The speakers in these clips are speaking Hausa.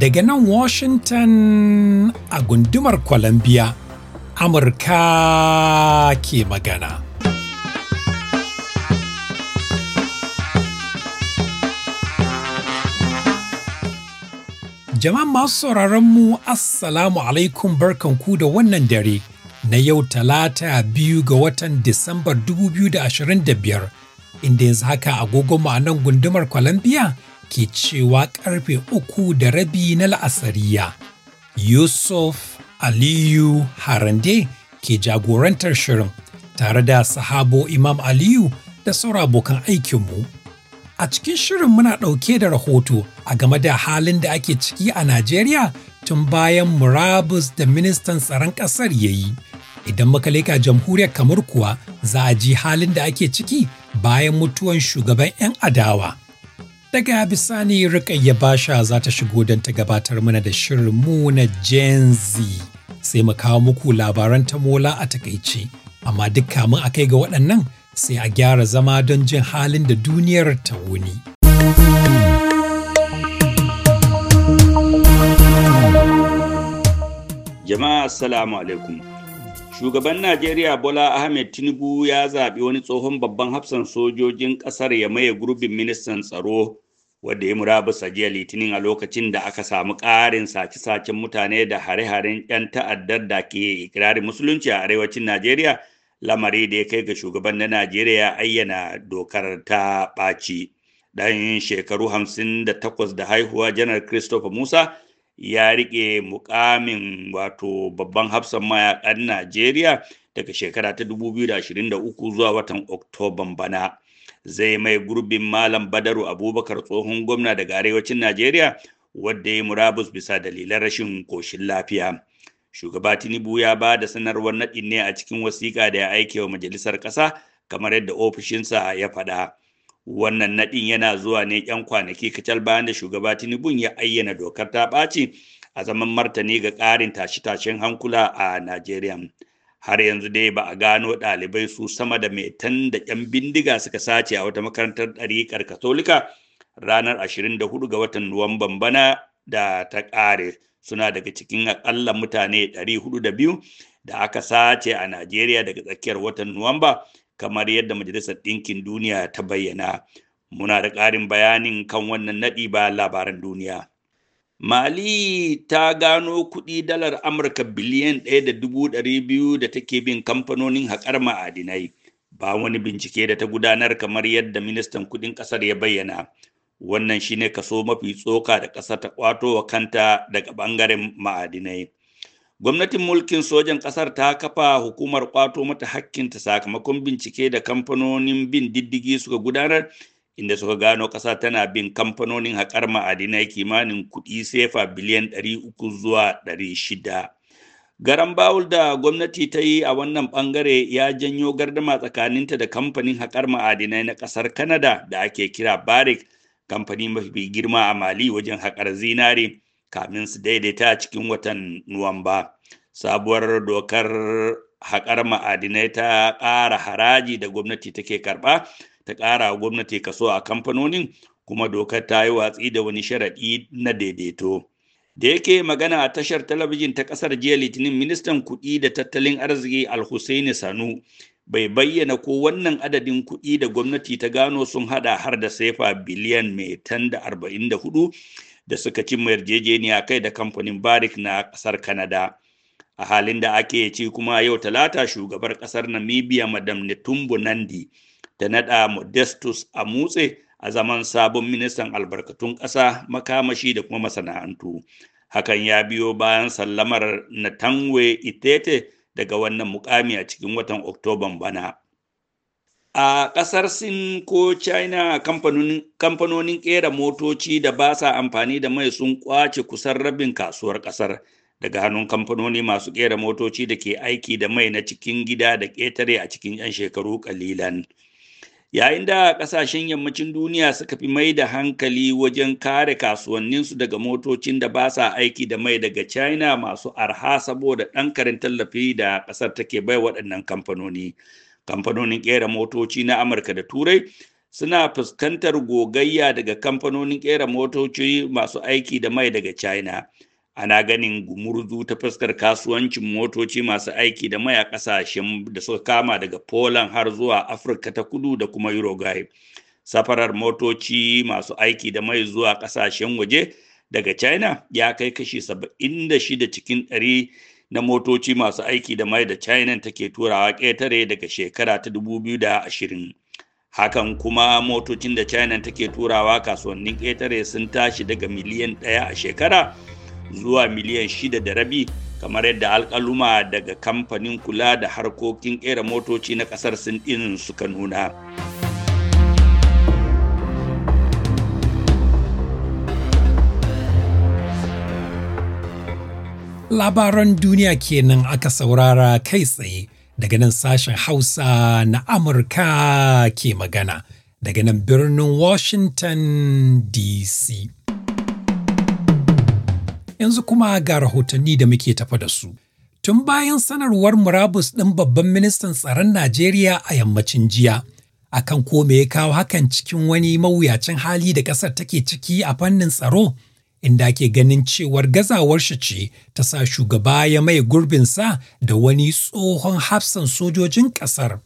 Daga nan Washington a gundumar Columbia, Amurka ke magana. Jama'a masu sauraron mu Assalamu alaikum barkanku da wannan dare. na yau talata biyu ga watan Disambar 2025 inda yanzu haka agogon ma'anan gundumar Colombia ke cewa karfe uku da rabi na la'asariya. Yusuf Aliyu Harande ke jagorantar shirin tare da sahabo Imam Aliyu da sauran abokan aikinmu. A cikin shirin muna ɗauke da rahoto a game da halin da ake ciki a Najeriya tun bayan murabus da ministan tsaron ƙasar ya yi Idan muka leƙa jamhuriyar kamar kuwa za a ji halin da ake ciki bayan mutuwan shugaban 'yan adawa. Daga bisani Rukayya Basha za ta shigo don ta gabatar mana da shirinmu na Gen Z. Sai mu kawo muku labaran ta mola a takaice, amma duk kamun a kai ga waɗannan sai a gyara zama don jin halin da duniyar ta wuni. Jama'a Assalamu alaikum. Shugaban Najeriya Bola Ahmed Tinubu ya zaɓi wani tsohon babban hafsan sojojin ƙasar ya maye gurbin ministan tsaro wadda ya murabasa jiya litinin a lokacin da aka samu ƙarin sace-sacen mutane da hare-haren 'yan ta'addar da ke ikirarin musulunci a arewacin Najeriya lamari da ya kai ga shugaban na Najeriya ayyana dokar ta ɓaci. Dan shekaru hamsin da takwas da haihuwa janar Christopher Musa ya riƙe mukamin wato babban hafsan mayakan Najeriya daga shekara ta 2023 zuwa watan Oktoban bana. Zai mai gurbin Malam Badaru Abubakar tsohon gwamna daga arewacin Najeriya wadda ya murabus bisa dalilan rashin koshin lafiya. Shugaba Tinubu ya ba da sanarwar naɗin ne a cikin wasiƙa da ya aike wa majalisar ƙasa kamar yadda ofishinsa ya faɗa. wannan nadin yana zuwa ne 'yan kwanaki kacal bayan da shugaba tinubu ya ayyana dokar ta ɓaci a zaman martani ga ƙarin tashe-tashen hankula a najeriya har yanzu dai ba a gano ɗalibai su sama da metan da 'yan bindiga suka sace a wata makarantar ɗariƙar katolika ranar 24 ga watan nuwamban bana da ta ƙare suna daga cikin aƙalla mutane 402 da aka sace a najeriya daga tsakiyar watan nuwamba kamar yadda majalisar ɗinkin duniya ta bayyana muna da ƙarin bayanin kan wannan naɗi ba labaran duniya mali ta gano kuɗi dalar amurka biliyan ɗaya da dubu ɗari biyu da take bin kamfanonin haƙar ma'adinai ba wani bincike da ta gudanar kamar yadda ministan kuɗin ƙasar ya bayyana wannan shine kaso mafi tsoka da ƙasa ta kwato wa kanta daga ɓangaren ma'adinai Gwamnatin mulkin sojan ƙasar ta kafa hukumar kwato mata hakkinta sakamakon bincike da kamfanonin bin diddigi suka gudanar inda suka gano ƙasa tana bin kamfanonin haƙar ma'adinai kimanin kuɗi sefa biliyan ɗari 300 zuwa shida. Garan bawul da gwamnati ta yi a wannan ɓangare ya janyo gardama tsakaninta da kamfanin haƙar ma'adinai na ƙasar Kanada da ake kira barik kamfani mafi girma a Mali wajen haƙar zinare. kamin su daidaita a cikin watan nuwamba sabuwar dokar haƙar ma'adinai ta ƙara haraji da gwamnati take karɓa ta ƙara gwamnati kaso a kamfanonin kuma dokar ta yi watsi da wani sharaɗi na daidaito da yake magana a tashar talabijin ta ƙasar jiya litinin ministan kuɗi da tattalin arziki alhussaini sanu bai bayyana ko wannan adadin kuɗi da gwamnati ta gano sun hada har da sefa biliyan mai tan da arba'in da hudu da suka cimma yarjejeniya kai da kamfanin barik na ƙasar Kanada. a halin da ake ci kuma yau talata shugabar kasar namibia madam netumbo nandi ta nada modestus a mutse a zaman sabon ministan albarkatun ƙasa makamashi da kuma masana'antu hakan ya biyo bayan sallamar na natanwe itete daga wannan mukami a cikin watan oktoban bana a ƙasar sin ko china kamfanonin ƙera motoci da ba sa amfani da mai sun kwace kusan rabin kasuwar ƙasar daga hannun kamfanoni masu ƙera motoci da ke aiki da mai na cikin gida da ƙetare a cikin 'yan shekaru ƙalilan yayin da ƙasashen yammacin duniya suka fi mai da hankali wajen kare kasuwanninsu daga motocin da ba sa aiki da mai daga china masu arha saboda ɗan karin tallafi da ƙasar take bai waɗannan kamfanoni. kamfanonin kera motoci na amurka da turai suna fuskantar gogayya daga kamfanonin kera motoci masu aiki da mai daga china ana ganin gumurzu ta fuskar kasuwancin motoci masu aiki da mai a kasashen da suka kama daga poland har zuwa afirka ta kudu da kuma uruguay safarar motoci masu aiki da mai zuwa kasashen waje daga china ya kai kashi 76 cikin 100. na motoci masu aiki da mai da china take turawa ƙetare daga shekara ta 2020 hakan kuma motocin da china take turawa kasuwannin ƙetare sun tashi daga miliyan ɗaya a shekara zuwa miliyan shida da rabi kamar yadda alƙaluma daga kamfanin kula da harkokin ƙera motoci na ƙasar sin suka nuna. labaran duniya kenan aka saurara kai tsaye daga nan sashen Hausa na Amurka ke magana daga nan birnin Washington DC. Yanzu kuma ga rahotanni da muke tafa da su. Tun bayan sanarwar murabus ɗin babban ministan tsaron Najeriya a yammacin jiya, akan ko me ya kawo hakan cikin wani mawuyacin hali da ƙasar take ciki a fannin tsaro. inda ake ganin cewar gazawar shi ce ta sa shugaba ya mai gurbinsa da wani tsohon hafsan sojojin ƙasar.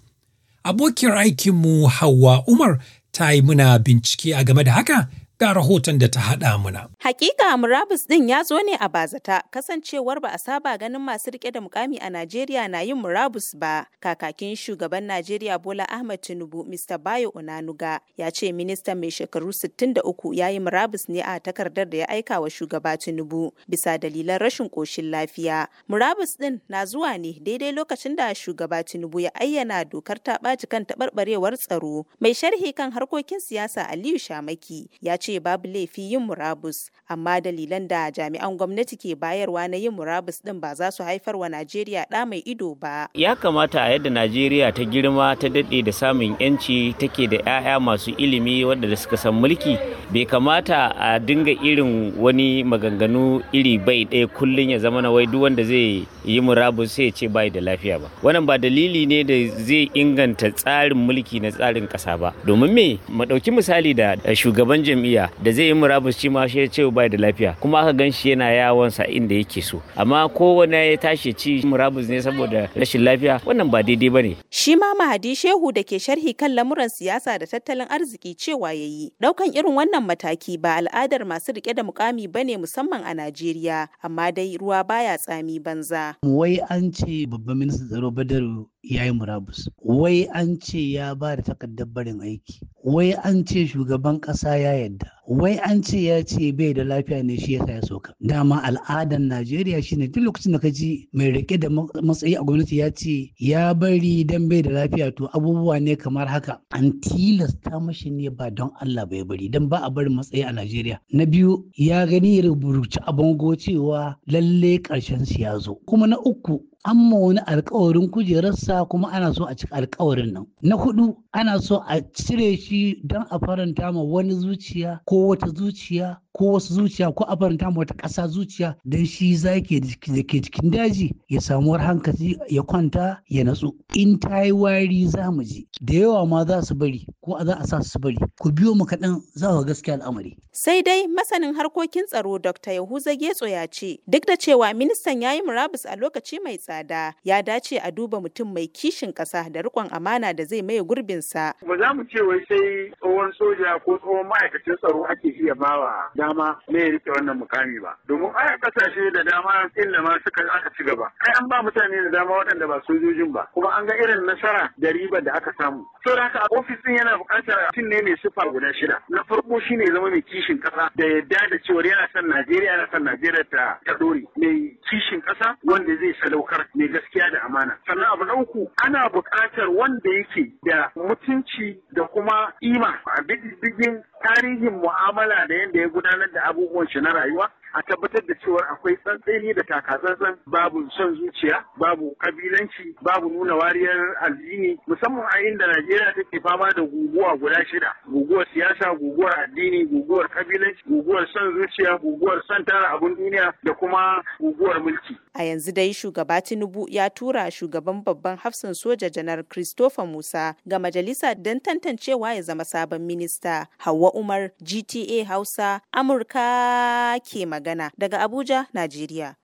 Abokiyar aikinmu Hauwa Umar ta yi muna bincike a game da haka ga rahoton da ta haɗa muna. Hakika murabus ɗin ya zo ne a bazata kasancewar ba a saba ganin masu riƙe da mukami a Najeriya na yin murabus ba. Kakakin shugaban Najeriya Bola Ahmed Tinubu Mr. Bayo Onanuga ya ce ministan mai shekaru 63 ya yi murabus ne a takardar da ya aika wa shugaba Tinubu bisa dalilan rashin ƙoshin lafiya. Murabus ɗin na zuwa ne daidai lokacin da shugaba Tinubu ya ayyana dokar ta ɓaci kan taɓarɓarewar tsaro. Mai sharhi kan harkokin siyasa Aliyu Shamaki ya ce ce babu laifi yin murabus, amma dalilan da jami'an gwamnati ke bayarwa na yin murabus din ba za su haifar wa Najeriya ɗa mai ido ba. Ya kamata a yadda Najeriya ta girma ta daɗe da samun 'yanci take da 'ya'ya masu ilimi wadda suka san mulki bai kamata a dinga irin wani maganganu iri bai ɗaya kullum ya zama na wai duk wanda zai yi murabus sai ce bai da lafiya ba. Wannan ba dalili ne da zai inganta tsarin mulki na tsarin kasa ba. Domin me mu ɗauki misali da shugaban jam'iyya lafiya da zai yi murabus shi ma shi ya ce bai da lafiya kuma aka gan shi yana sa inda yake so amma kowane ya tashi ci murabus ne saboda rashin lafiya wannan ba daidai ba ne. shi ma mahadi shehu da ke sharhi kan lamuran siyasa da tattalin arziki cewa ya yi ɗaukan irin wannan mataki ba al'adar masu rike da mukami ba ne musamman a najeriya amma dai ruwa baya tsami banza. wai an ce babban ministan tsaro badaru ya yi murabus wai an ce ya ba da takardar barin aiki wai an ce shugaban ƙasa ya yadda wai an ce ya ce bai da lafiya ne shi yasa ya sauka dama al'adar najeriya shine duk lokacin da ka ji mai rike da matsayi a gwamnati ya ce ya bari dan bai da lafiya to abubuwa ne kamar haka an tilasta mashi ne ba don allah bai bari dan ba a bari matsayi a najeriya na biyu ya gani rubuci a bango cewa lalle karshen su ya zo kuma na uku an ma wani alkawarin kujerarsa kuma ana so a cika alkawarin nan. Na hudu ana so a cire shi don a faranta ma wani zuciya ko wata zuciya ko wasu zuciya ko a ma wata ƙasa zuciya don shi zaki da ke cikin daji ya samu hankali ya kwanta ya natsu in ta yi wari za mu ji da yawa ma za su bari ko za a sa su bari ku biyo mu kaɗan za ku gaskiya al'amari. sai dai masanin harkokin tsaro dr yahuza getso ya ce duk da cewa ministan ya yi murabus a lokaci mai tsada ya dace a duba mutum mai kishin ƙasa da rikon amana da zai maye gurbinsa. ba za mu ce wai sai tsohon soja ko tsohon ma'aikacin tsaro kawo ake iya bawa dama ne ya rike wannan mukami ba domin ai kasashe da dama inda ma suka aka ci gaba ai an ba mutane da dama waɗanda ba sojojin ba kuma an ga irin nasara da riba da aka samu da haka ofis ɗin yana buƙatar tun ne mai sufa guda shida na farko shine zama mai kishin ƙasa da yadda da cewa yana san Najeriya yana san Najeriya ta ta dore mai kishin ƙasa wanda zai sadaukar mai gaskiya da amana sannan abu na uku ana buƙatar wanda yake da mutunci da kuma ima a bidigin tarihin mu'amala da yadda ya gudanar da abubuwan shi na rayuwa a tabbatar da cewar akwai tsantseni da takatsantsan babu son zuciya babu kabilanci babu nuna wariyar addini musamman a inda najeriya take fama da guguwa guda shida guguwar siyasa guguwar addini guguwar kabilanci guguwar son zuciya guguwar son tara abun duniya da kuma guguwar mulki A yanzu dai shugaba Tinubu ya tura shugaban babban hafsan soja janar Christopher Musa ga majalisa don tantancewa ya zama sabon minista. Hauwa Umar, GTA Hausa, Amurka ke magana daga Abuja, Najeriya.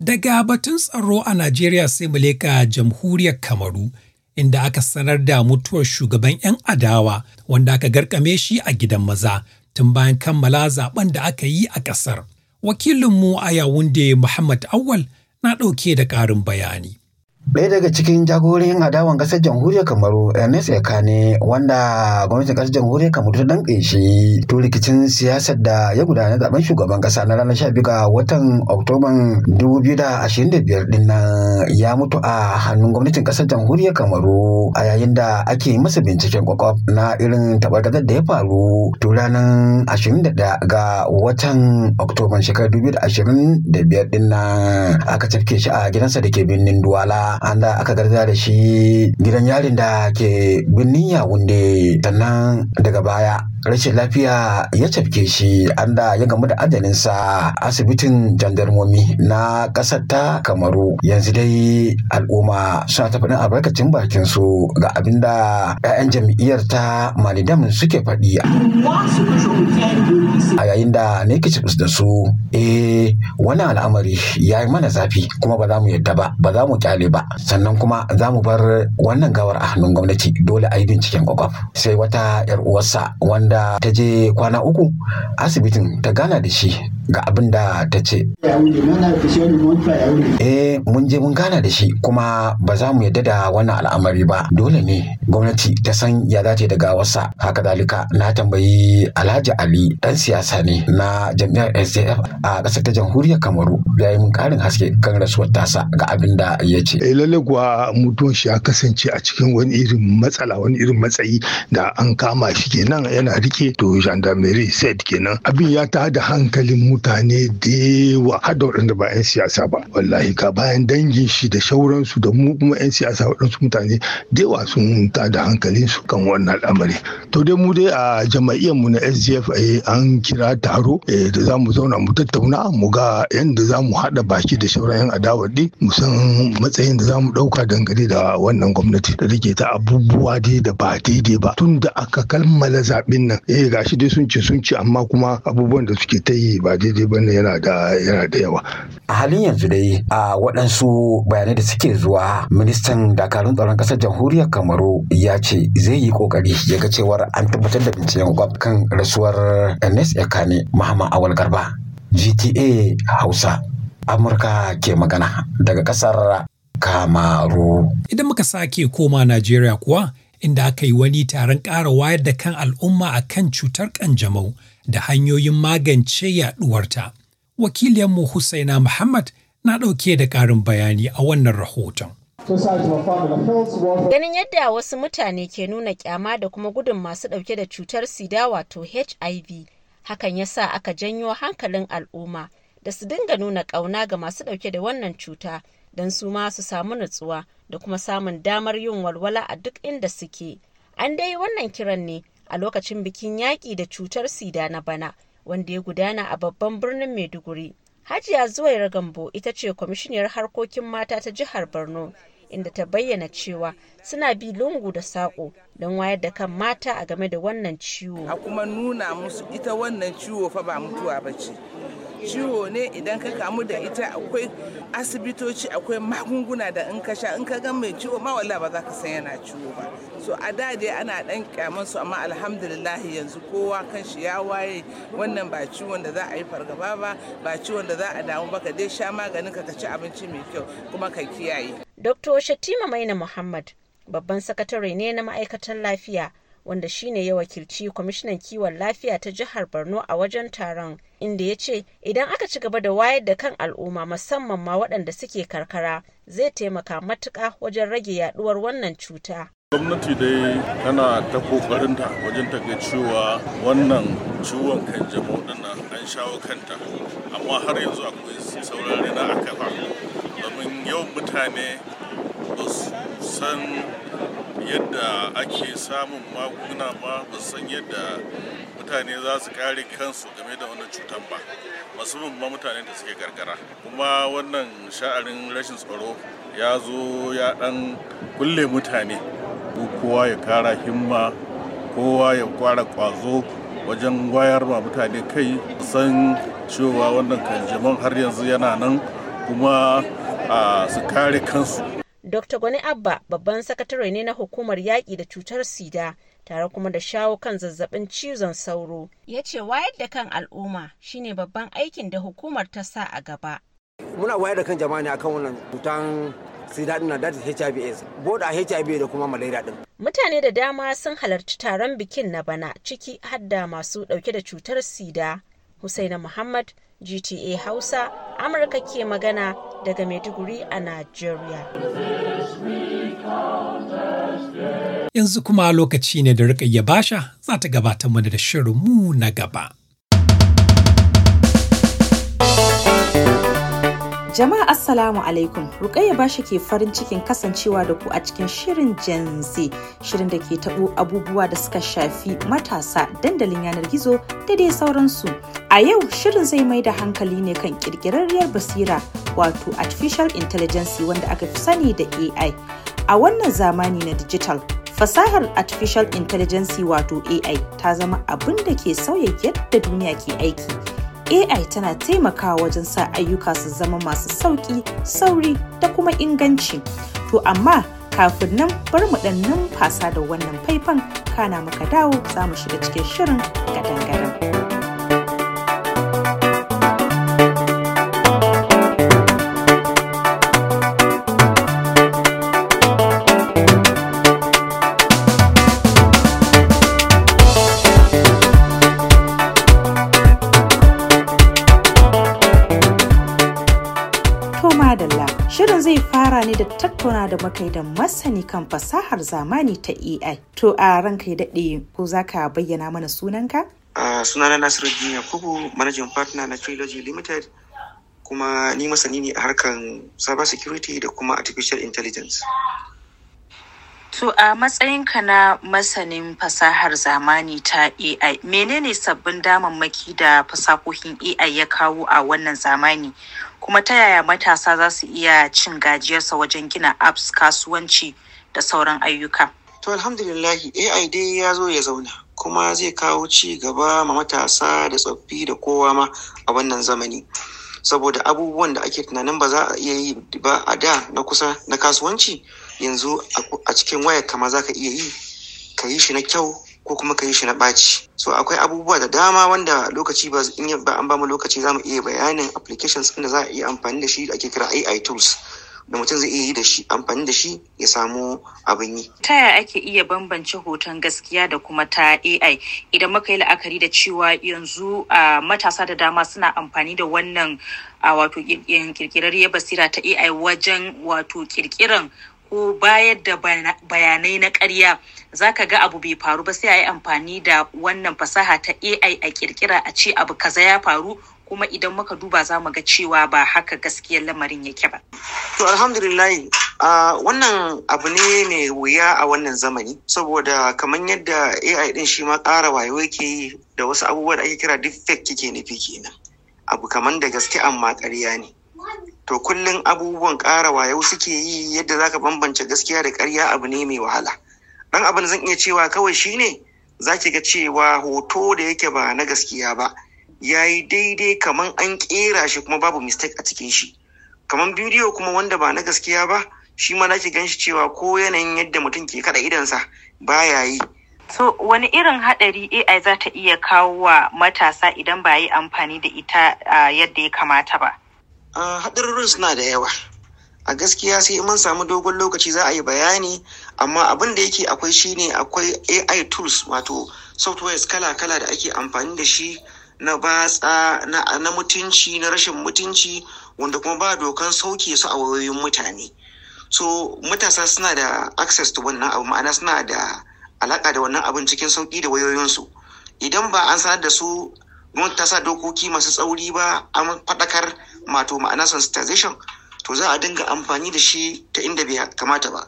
Daga batun tsaro a Najeriya sai mu leka jamhuriyar Kamaru. inda aka sanar da mutuwar shugaban 'yan adawa wanda aka garkame shi a gidan maza tun bayan kammala zaben da aka yi a ƙasar. Wakilinmu a yawun da Muhammad Awal na ɗauke da ƙarin bayani. ɗaya daga cikin jagorin adawan ƙasar jamhuriyar kamaru ernest yakane wanda gwamnatin ƙasar jamhuriyar kamaru ta danƙe shi to rikicin siyasar da ya gudana zaben shugaban ƙasa na ranar biyu ga watan oktoban 2025 din nan ya mutu a hannun gwamnatin ƙasar jamhuriyar kamaru a yayin da ake masa binciken kwakwaf na irin tabargazar da ya faru to ranar 21 ga watan oktoban shekarar 2025 din nan aka cafke shi a gidansa da ke birnin duwala an da aka garza da shi gidan yarin da ke birnin wunde sannan daga baya rashin lafiya ya cafke shi an da ya gamu da ajalinsa asibitin jandarmomi na ƙasar ta kamaru yanzu dai al'umma suna ta faɗin albarkacin bakin su ga abinda da 'ya'yan jam'iyyar ta malidam suke faɗi a yayin da na yake da su eh wannan al'amari ya yi mana zafi kuma ba za mu yadda ba ba za mu kyale ba sannan kuma za mu bar wannan gawar a hannun gwamnati dole a yi binciken kwakwaf sai wata 'yar uwarsa wanda ta je kwana uku asibitin ta gana da shi ga abin da ta ce. Eh mun je mun gana da shi kuma ba za mu yadda da wannan al'amari ba dole ne gwamnati ta san ya dace daga wasa haka zalika na tambayi Alhaji Ali dan siyasa ne na jam'iyyar SDF a ƙasar ta jamhuriyar Kamaru ya yi mun ƙarin haske kan rasuwar tasa ga abin da ya ce. Eh lalle kuwa mutuwan shi ya kasance a cikin wani irin matsala wani irin matsayi da an kama shi kenan yana rike to gendarmerie said kenan abin ya tada hankalin mu mutane da yawa har da waɗanda ba 'yan siyasa ba wallahi ka bayan dangin shi da shauransu da mu kuma 'yan siyasa waɗansu mutane da yawa sun ta da hankalin su kan wannan al'amari to dai mu dai a jama'iyyar mu na sgf eh, an kira taro eh, da za mu zauna mu tattauna mu ga yadda za mu haɗa baki da shauran 'yan adawa ɗin mu san matsayin da za mu ɗauka dangane da wannan gwamnati da take ta abubuwa dai da ba daidai ba tun da aka kalmala zaɓen nan eh gashi dai sun ce sun ce amma kuma abubuwan da suke ta yi ba daidai ne yana da yana da yawa a halin yanzu dai a waɗansu bayanai da suke zuwa ministan dakarun tsaron ƙasar jamhuriyar kamaru ya ce zai yi ƙoƙari ya ga cewar an tabbatar da binciken gwab kan rasuwar ernest ekane mahama awal garba gta hausa amurka ke magana daga ƙasar kamaru idan muka sake koma najeriya kuwa inda aka yi wani taron ƙara wayar da kan al'umma a kan cutar ƙanjamau da hanyoyin magance yaɗuwarta. Wakiliyarmu Hussaina Muhammad na ɗauke da ƙarin bayani a wannan rahoton. Ganin yadda wasu mutane ke nuna kyama da kuma gudun masu ɗauke da cutar sida wato HIV, hakan ya sa aka janyo hankalin al'umma da su dinga nuna ƙauna ga masu ɗauke da wannan cuta don su ma su samu nutsuwa da kuma samun damar yin walwala a duk inda suke. An dai wannan kiran ne a lokacin bikin yaƙi da cutar sida na bana wanda ya gudana a babban birnin Maiduguri. Hajiya zuwair Gambo ita ce kwamishiniyar harkokin mata ta jihar Borno inda ta bayyana cewa suna bi lungu da saƙo don wayar da kan mata a game da wannan ciwo. A kuma nuna musu ita wannan ciwo fa ba mutuwa ba ce. ciwo ne idan ka kamu da ita akwai asibitoci akwai magunguna da in ka sha in ka ga mai ciwo ma wallahi ba za ka san yana ciwo ba so a da dai ana dan kyaman su amma alhamdulillah yanzu kowa kan shi ya waye wannan ba ciwon da za a yi fargaba ba ba ciwon da za a damu ba ka dai sha maganin ka ka ci abinci mai kyau kuma ka kiyaye Dr. Shatima Maina Muhammad babban sakatare ne na ma'aikatan lafiya wanda shine ya wakilci kwamishinan kiwon lafiya ta jihar borno a wajen taron inda ya ce idan aka ci gaba da wayar da kan al'umma musamman ma waɗanda suke karkara zai taimaka matuƙa wajen rage yaduwar wannan cuta gwamnati dai tana ta ta wajen ta cewa wannan ciwon jama'u dana an shawo kanta amma har yanzu akwai saurari na aka domin yau mutane ba san yadda ake samun magunguna ba ba san yadda mutane za su kare kansu game da wannan cutar ba musamman ma mutane da suke gargara kuma wannan sha'arin rashin tsaro ya zo ya dan kulle mutane kowa ya kara himma kowa ya kwara kwazo wajen wayar wa mutane kai san cewa wannan kanjaman har yanzu yana nan kuma ah, su kare kansu Dr. Gwani Abba babban sakatare ne na hukumar yaƙi da cutar sida tare kuma da shawo kan zazzabin cizon sauro. Ya ce wayar da kan al'umma shine babban aikin da hukumar ta sa a gaba. Muna wayar da kan jama'a ne akan wannan cutan sida din na HIV AIDS, boda HIV da kuma malaria din. Mutane da dama sun halarci taron bikin na bana ciki hadda masu dauke da cutar sida. Husaina Muhammad GTA Hausa Amurka ke magana daga Maiduguri a Najeriya. Yanzu kuma lokaci ne da ya Basha za ta gabatar mana da shirinmu na gaba. Jama'a Assalamu alaikum Rukayya bashi ke farin cikin kasancewa da ku a cikin shirin Gen Z shirin da ke taɓo abubuwa da suka shafi matasa dandalin yanar gizo da dai sauransu. A yau shirin zai mai da hankali ne kan kirkirarriyar basira wato artificial intelligence wanda aka fi sani da AI. A wannan zamani na digital fasahar artificial intelligence wato AI ta zama abin da ke sauya yadda duniya ke aiki. AI tana taimakawa wajen sa ayyuka su zama masu sauƙi, sauri da kuma inganci. To amma kafin nan bar mu ɗan numfasa da wannan faifan kana muka dawo za mu shiga cikin shirin gadan-gadan. madalla shirin zai fara ne da tattauna da makai da masani kan fasahar zamani ta AI. To a ranka ya daɗe ko za ka bayyana mana sunanka? Uh, sunana Nasiruddin Yakubu, manajan partner na Trilogy Limited, kuma ni masani ne a harkan cyber security da kuma artificial intelligence. To a matsayinka na masanin fasahar zamani ta AI, menene sabbin damammaki da fasahohin AI ya kawo a wannan zamani kuma ta yaya matasa za su iya cin gajiyarsa wajen gina apps kasuwanci da sauran ayyuka. To alhamdulillahi AI dai ya zo ya zauna kuma zai kawo ci gaba ma matasa da tsoffi da kowa ma a wannan zamani. Saboda abubuwan da ake tunanin ba za a iya yi ba a da na kusa na kasuwanci yanzu a cikin waya kama za ka iya yi ka yi shi na kyau ko kuma ka yi shi na ɓaci so akwai abubuwa da dama wanda lokaci ba in ba an bamu lokaci za mu iya bayanin applications inda za a iya amfani da shi da ake kira AI tools da mutum zai iya yi da shi amfani da shi ya samu abin yi. Ta yaya ake iya bambance hoton gaskiya da kuma ta AI idan muka yi la'akari da cewa yanzu a matasa da dama suna amfani da wannan wato ya basira ta AI wajen wato kirkiran ko bayar da bayanai na ƙarya za ka ga abu bai faru ba sai a yi amfani da wannan fasaha ta ai a ƙirƙira a ce abu kaza ya faru kuma idan muka duba za mu ga cewa ba haka gaskiyar lamarin yake ba. To alhamdulillahi uh, wannan abu ne mai wuya a wannan zamani saboda kamar yadda AI din shi ma ƙara wayo yake yi da wasu abubuwa da ake kira deepfake kike nufi kenan. Abu kamar da gaske amma ƙarya ne. to kullum abubuwan ƙara wayau suke yi yadda zaka bambance gaskiya da ƙarya abu ne mai wahala dan abin zan iya cewa kawai shi shine zaki ga cewa hoto da yake ba na gaskiya ba ya yi daidai kaman an ƙera shi kuma babu mistake a cikin shi kaman bidiyo kuma wanda ba na gaskiya ba shi ma zaki gan shi cewa ko yanayin yadda mutum ke kada ba baya yi So wani irin haɗari AI za ta iya kawo wa matasa idan ba yi amfani da ita uh, yadda ya kamata ba? haɗarurin suna da yawa a gaskiya sai mun samu dogon lokaci za a yi bayani amma abin da yake akwai shine akwai ai tools wato softwares kala-kala da ake amfani da shi na batsa na mutunci na rashin mutunci wanda kuma ba dokan sauke su a wayoyin mutane so matasa suna da access to wannan abu ma'ana suna da alaka da wannan abin cikin sauki da wayoyinsu idan ba an sanar da su gwamnati ta sa dokoki masu tsauri ba an faɗakar mato ma'ana sensitization to za a dinga amfani da shi ta inda bai kamata ba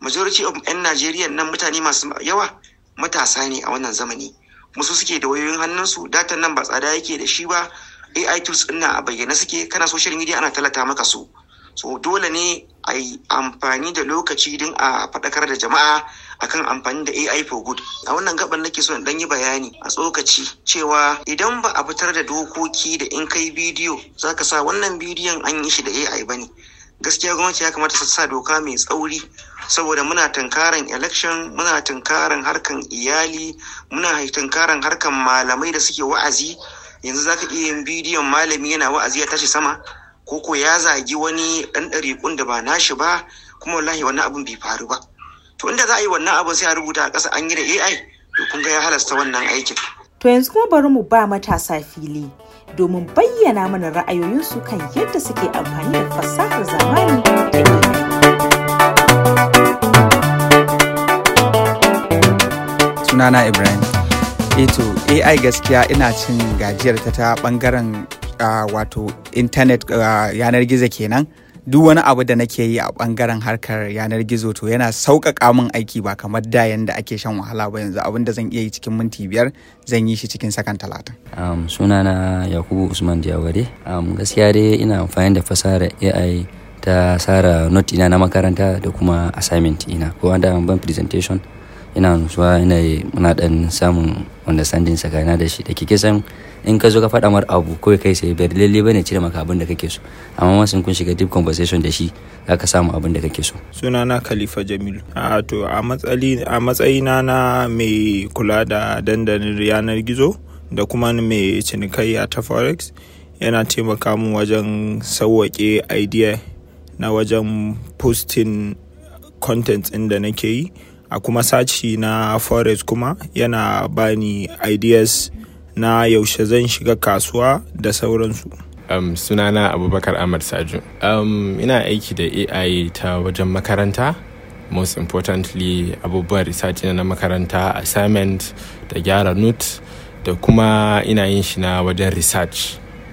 majority of 'yan najeriya nan mutane masu yawa matasa ne a wannan zamani musu suke da wayoyin hannunsu datan nan ba tsada yake da shi ba ai tools ɗin a bayyane suke kana social media ana talata maka su so dole ne a yi amfani da lokaci din a faɗakar da jama'a akan amfani da AI for good a wannan gaban nake so dan yi bayani a tsokaci cewa idan ba a fitar da dokoki da in kai bidiyo zaka sa wannan bidiyon an yi shi da AI ne. gaskiya gwamnati ya kamata su sa doka mai tsauri saboda muna tunkaran election muna tunkaran harkan iyali muna tunkaran harkan malamai da suke wa'azi yanzu zaka iya yin bidiyon malami yana wa'azi ya tashi sama koko ya zagi wani ɗan ɗariƙun da ba nashi ba kuma wallahi wannan abin bai faru ba to inda za a yi wannan abin sai a rubuta a ƙasa an yi da AI to kun ga ya halasta wannan aikin to yanzu kuma bari mu ba matasa fili domin bayyana mana ra'ayoyinsu kan yadda suke amfani da fasahar zamani da sunana Ibrahim eto eh AI gaskiya ina cin gajiyar ta ta bangaren wato intanet yanar gizo kenan duk wani abu da nake yi a bangaren harkar yanar gizo to yana sauƙaƙa min aiki ba kamar da yanda ake shan wahala ba yanzu abin da zan iya yi cikin minti biyar zan yi shi cikin sakan talatin. Um, na yakubu usman diawade um, gaskiya dai ina amfani da fasara ai ta tsara not ina na makaranta da kuma assignment ina ko wanda ban presentation ina nutsuwa ina muna dan samun understanding tsakanin da shi da kike san in ka zo ka faɗa mar abu kawai kai sai bai lalle bane cire maka abin da kake so amma wasu kun shiga deep conversation da shi za ka samu abin da kake so sunana khalifa jamilu a to a matsayina na mai kula da dandalin yanar gizo da kuma mai cinikayya ta forex yana taimaka min wajen sauwaƙe idea na wajen posting content ɗin da nake yi a kuma sashi na forex kuma yana bani ideas na yaushe zan shiga kasuwa da sauransu. Um, sunana abubakar ahmad saju um, ina aiki da ai ta wajen makaranta most importantly abubuwan research na makaranta assignment da gyara note da kuma ina yin shi na wajen research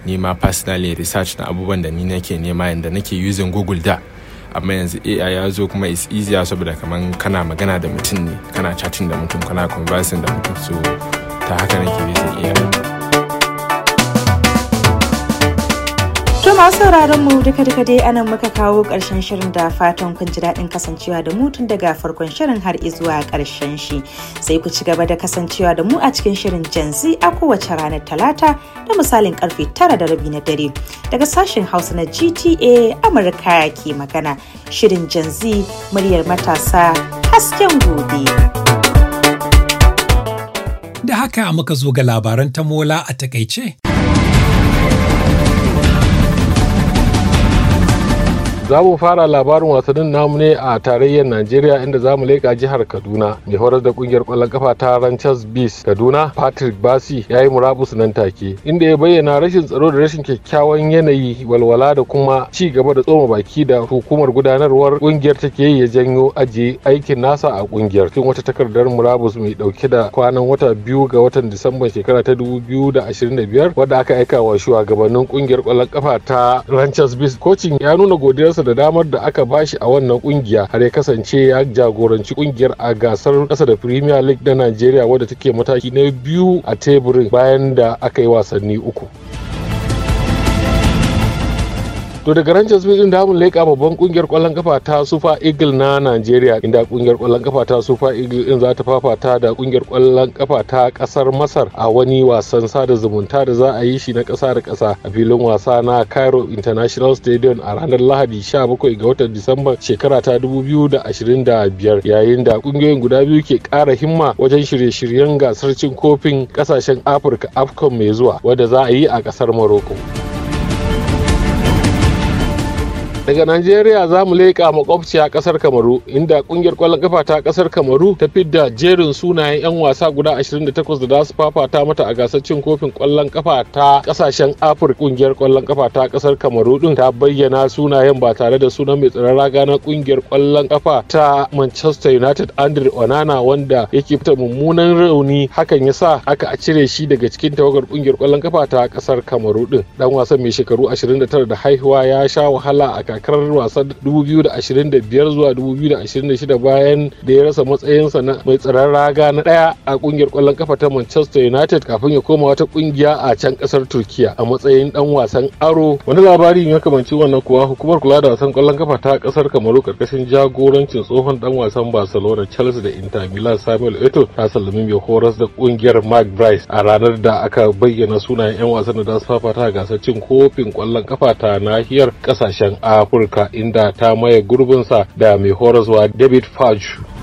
ni ma personally research na abubuwan da ni nake nema yadda nake using google da amma yanzu ai ya zo kuma is easier saboda kamar kana magana da mutum ne kana chatting da mutum kana conversing da mutum so ta haka masu sauraron mu duka duka dai anan muka kawo ƙarshen shirin da fatan kun ji daɗin kasancewa da mu tun daga farkon shirin har zuwa ƙarshen shi. Sai ku ci gaba da kasancewa da mu a cikin shirin Gen Z a kowace ranar Talata da misalin karfe tara da rabi na dare. Daga sashen Hausa na GTA Amurka ke magana. Shirin Gen Z muryar matasa hasken gobe. haka muka zo ga labaran ta mola a takaice. za mu fara labarin wasannin namu ne a tarayyar najeriya inda za mu leƙa jihar kaduna mai horar da kungiyar ƙwallon kafa ta ranchers bees kaduna patrick basi ya yi murabus nan take inda ya bayyana rashin tsaro da rashin kyakkyawan yanayi walwala da kuma ci gaba da tsoma baki da hukumar gudanarwar kungiyar take yi ya janyo ajiye aikin nasa a kungiyar cikin wata takardar murabus mai dauke da kwanan wata biyu ga watan disamban shekara ta dubu biyu da da ashirin biyar? wadda aka aika wa shugabannin kungiyar ƙwallon kafa ta ranchers bees kocin ya nuna godiyar kasa da damar da aka bashi a wannan kungiya har ya kasance ya jagoranci kungiyar a gasar kasa da Premier League na nigeria wadda take mataki na biyu a teburin bayan da aka yi wasanni uku. to daga rangers din damun mun leka babban kungiyar kwallon kafa ta super eagle na nigeria inda ƙungiyar kwallon kafa ta super eagle din za ta fafata da kungiyar kwallon kafa ta kasar masar a wani wasan sada zumunta da za a yi shi na kasa da kasa a filin wasa na cairo international stadium a ranar lahadi 17 ga watan disamba shekara ta 2025 yayin da ƙungiyoyin guda biyu ke ƙara himma wajen shirye-shiryen gasar cin kofin kasashen afirka afcon mai zuwa wadda za a yi a ƙasar morocco Daga Najeriya za mu leƙa a ƙasar Kamaru inda ƙungiyar ƙwallon kafa ta ƙasar Kamaru ta da jerin sunayen 'yan wasa guda 28 da za su fafata mata a gasar cin kofin ƙwallon kafa ta ƙasashen Afirka. Ƙungiyar ƙwallon kafa ta ƙasar Kamaru din ta bayyana sunayen ba tare da sunan mai tsaron raga na ƙungiyar ƙwallon kafa ta Manchester United Andre Onana wanda yake fita mummunan rauni hakan ya sa aka cire shi daga cikin tawagar ƙungiyar ƙwallon kafa ta ƙasar Kamaru din. Dan wasan mai shekaru 29 da haihuwa ya sha wahala a shekarar wasan 2025 zuwa 2026 bayan da ya rasa matsayinsa na mai tsaron raga na daya a kungiyar kwallon kafa ta Manchester United kafin ya koma wata kungiya a can kasar Turkiya a matsayin dan wasan aro wani labari ya kamanci wannan kuwa hukumar kula da wasan kwallon kafa ta kasar Kamaru karkashin jagorancin tsohon dan wasan Barcelona Chelsea da Inter Milan Samuel Eto ta sallami mai horas da kungiyar Mark Bryce a ranar da aka bayyana sunayen 'yan wasan da za su fafata gasar cin kofin kwallon kafa ta nahiyar kasashen Afirka. afirka inda ta maye gurbinsa da mai horaswa david Fudge.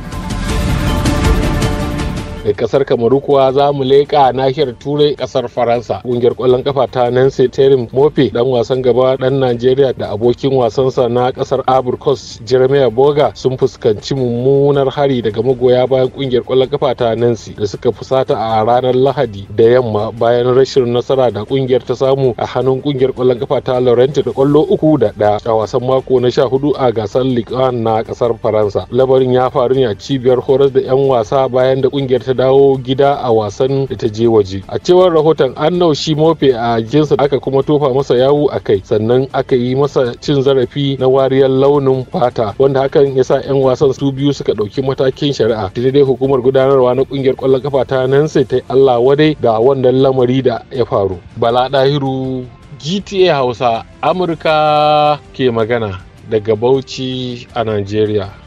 da eh, kasar kamaru kuwa za mu leƙa nahiyar turai kasar faransa ƙungiyar ƙwallon kafa ta nancy terim mofe dan wasan gaba dan najeriya da abokin wasansa na kasar abrikos jeremiah boga sun fuskanci mummunar hari daga magoya bayan ƙungiyar ƙwallon kafa ta nancy da suka fusata a ranar lahadi da yamma bayan rashin nasara da ƙungiyar ta samu a hannun ƙungiyar ƙwallon kafa ta laurenti da ƙwallo uku da ɗaya a wasan mako na sha hudu a gasar ligue na kasar faransa labarin ya faru ne a cibiyar horas da 'yan wasa bayan da ƙungiyar ta dawo gida a wasan da ta je waje a cewar rahoton an naushi mofe a jinsa aka kuma tofa masa yawu a kai sannan aka yi masa cin zarafi na wariyar launin fata wanda hakan ya sa 'yan wasan su biyu suka ɗauki matakin shari'a dai hukumar gudanarwa na ƙungiyar ƙwallon kafa ta nan sai ta Allah wadai da wannan lamari da ya faru bala ɗahiru, GTA Hausa Amurka ke magana daga Bauchi a Najeriya.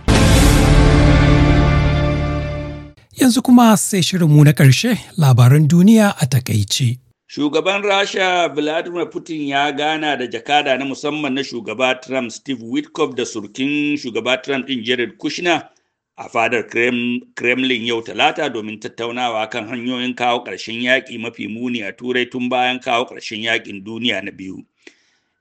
Yanzu kuma sai shirinmu na ƙarshe labaran duniya a takaice. Shugaban Rasha Vladimir Putin ya gana da jakada na musamman na shugaba Trump Steve Witkoff da surkin shugaba Trump ɗin Jared Kushner a fadar Kremlin yau talata domin tattaunawa kan hanyoyin kawo ƙarshen yaƙi mafi muni a turai tun bayan kawo ƙarshen yaƙin duniya na biyu.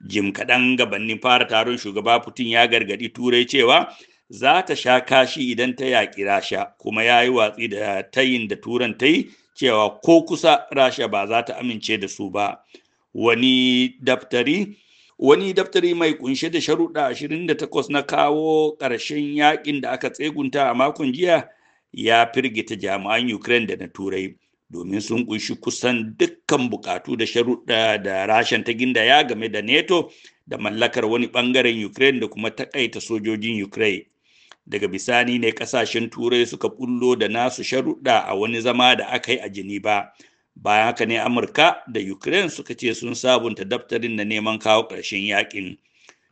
Jim kaɗan gabanin fara taron shugaba Putin ya gargaɗi turai cewa za ta sha kashi idan ta yaƙi rasha kuma ya yi watsi da tayin da turan ta yi cewa ko kusa rasha ba za ta amince da su ba wani daftari wani daftari mai kunshe da sharuɗa 28 na kawo ƙarshen yaƙin da aka tsegunta a makon jiya ya firgita jami'an ukraine da na turai domin sun kunshi kusan dukkan buƙatu da sharuɗa da rashen ta gindaya game da neto da mallakar wani ɓangaren ukraine da kuma taƙaita sojojin ukraine daga bisani ne kasashen turai suka bullo da nasu sharuɗa a wani zama da aka yi a geneva bayan haka ne amurka da ukraine suka ce sun sabunta daftarin na neman kawo ƙarshen yakin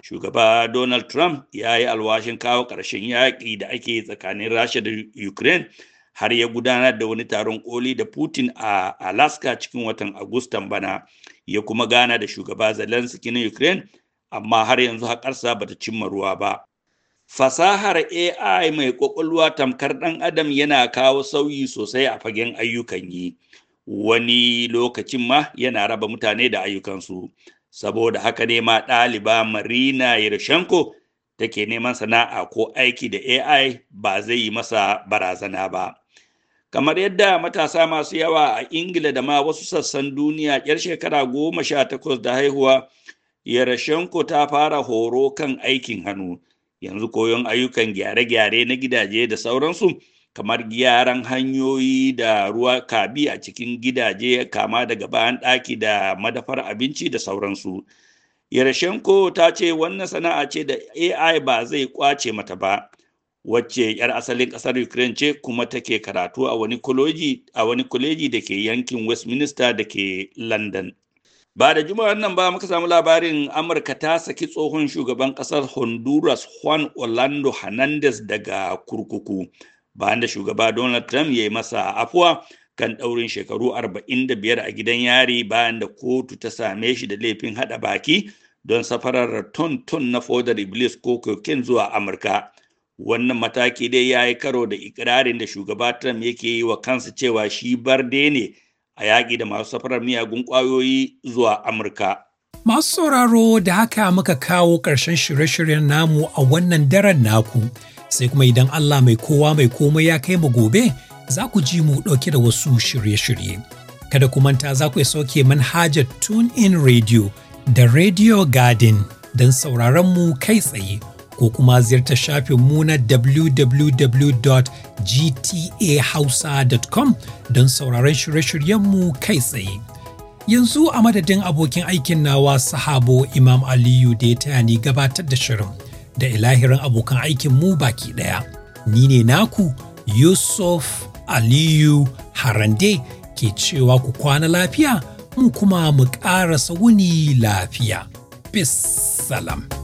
shugaba donald trump ya yi alwashin kawo ƙarshen yaƙi da ake tsakanin rasha da ukraine har ya gudanar da wani taron koli da putin a alaska cikin watan agustan bana ya kuma gana da shugaba zelensky na ukraine amma har yanzu haƙarsa bata cimma ruwa ba fasahar ai mai ƙwaƙwalwa tamkar ɗan adam yana kawo sauyi sosai a fagen ayyukan yi wani lokacin ma yana raba mutane da ayyukansu saboda haka ne ma ɗaliba marina yarshenko take neman sana'a ko aiki da ai ba zai yi masa barazana ba kamar yadda matasa masu yawa a ingila da ma wasu sassan duniya yar shekara goma sha takwas da haihuwa yarashenko ta fara horo kan aikin hannu yanzu koyon ayyukan gyare-gyare na gidaje da sauransu kamar gyaran hanyoyi da ruwa kabi a cikin gidaje kama daga bayan ɗaki da madafar abinci da sauransu yarashenko ta ce wannan sana'a ce da ai ba zai kwace mata ba wacce 'yar asalin ƙasar ukraine ce kuma take karatu a wani kwaleji da ke yankin westminster da ke london ba da juma'ar nan ba muka samu labarin amurka ta saki tsohon shugaban kasar honduras juan orlando hernandez daga kurkuku bayan da shugaba donald trump ya yi masa afuwa kan ɗaurin shekaru 45 a gidan yari bayan da kotu ta same shi da laifin haɗa baki don safarar ton-ton na fodar iblis ko kokin zuwa amurka wannan mataki dai ya yi karo da ikirarin da shugaba trump yake yi wa kansa cewa shi barde ne a yaƙi da masu safarar miyagun ƙwayoyi zuwa Amurka. Masu sauraro da haka muka kawo ƙarshen shirye-shiryen namu a wannan daren naku, sai kuma idan Allah mai kowa mai komai ya kai mu gobe za ku ji mu ɗauke da wasu shirye-shirye. Kada ku manta za ku sauke manhajar Tune In Radio da Radio Garden don sauraron mu kai tsaye. ko kuma ziyartar shafin mu na www.gtahausa.com don sauraron shirye-shiryenmu kai tsaye. Yanzu a madadin abokin aikin nawa sahabo Imam Aliyu da ya taya ni gabatar da shirin da ilahirin abokan aikin mu baki ɗaya. Ni ne naku Yusuf Aliyu Harande ke cewa ku kwana lafiya mu kuma mu ƙara wuni lafiya. Bis salam.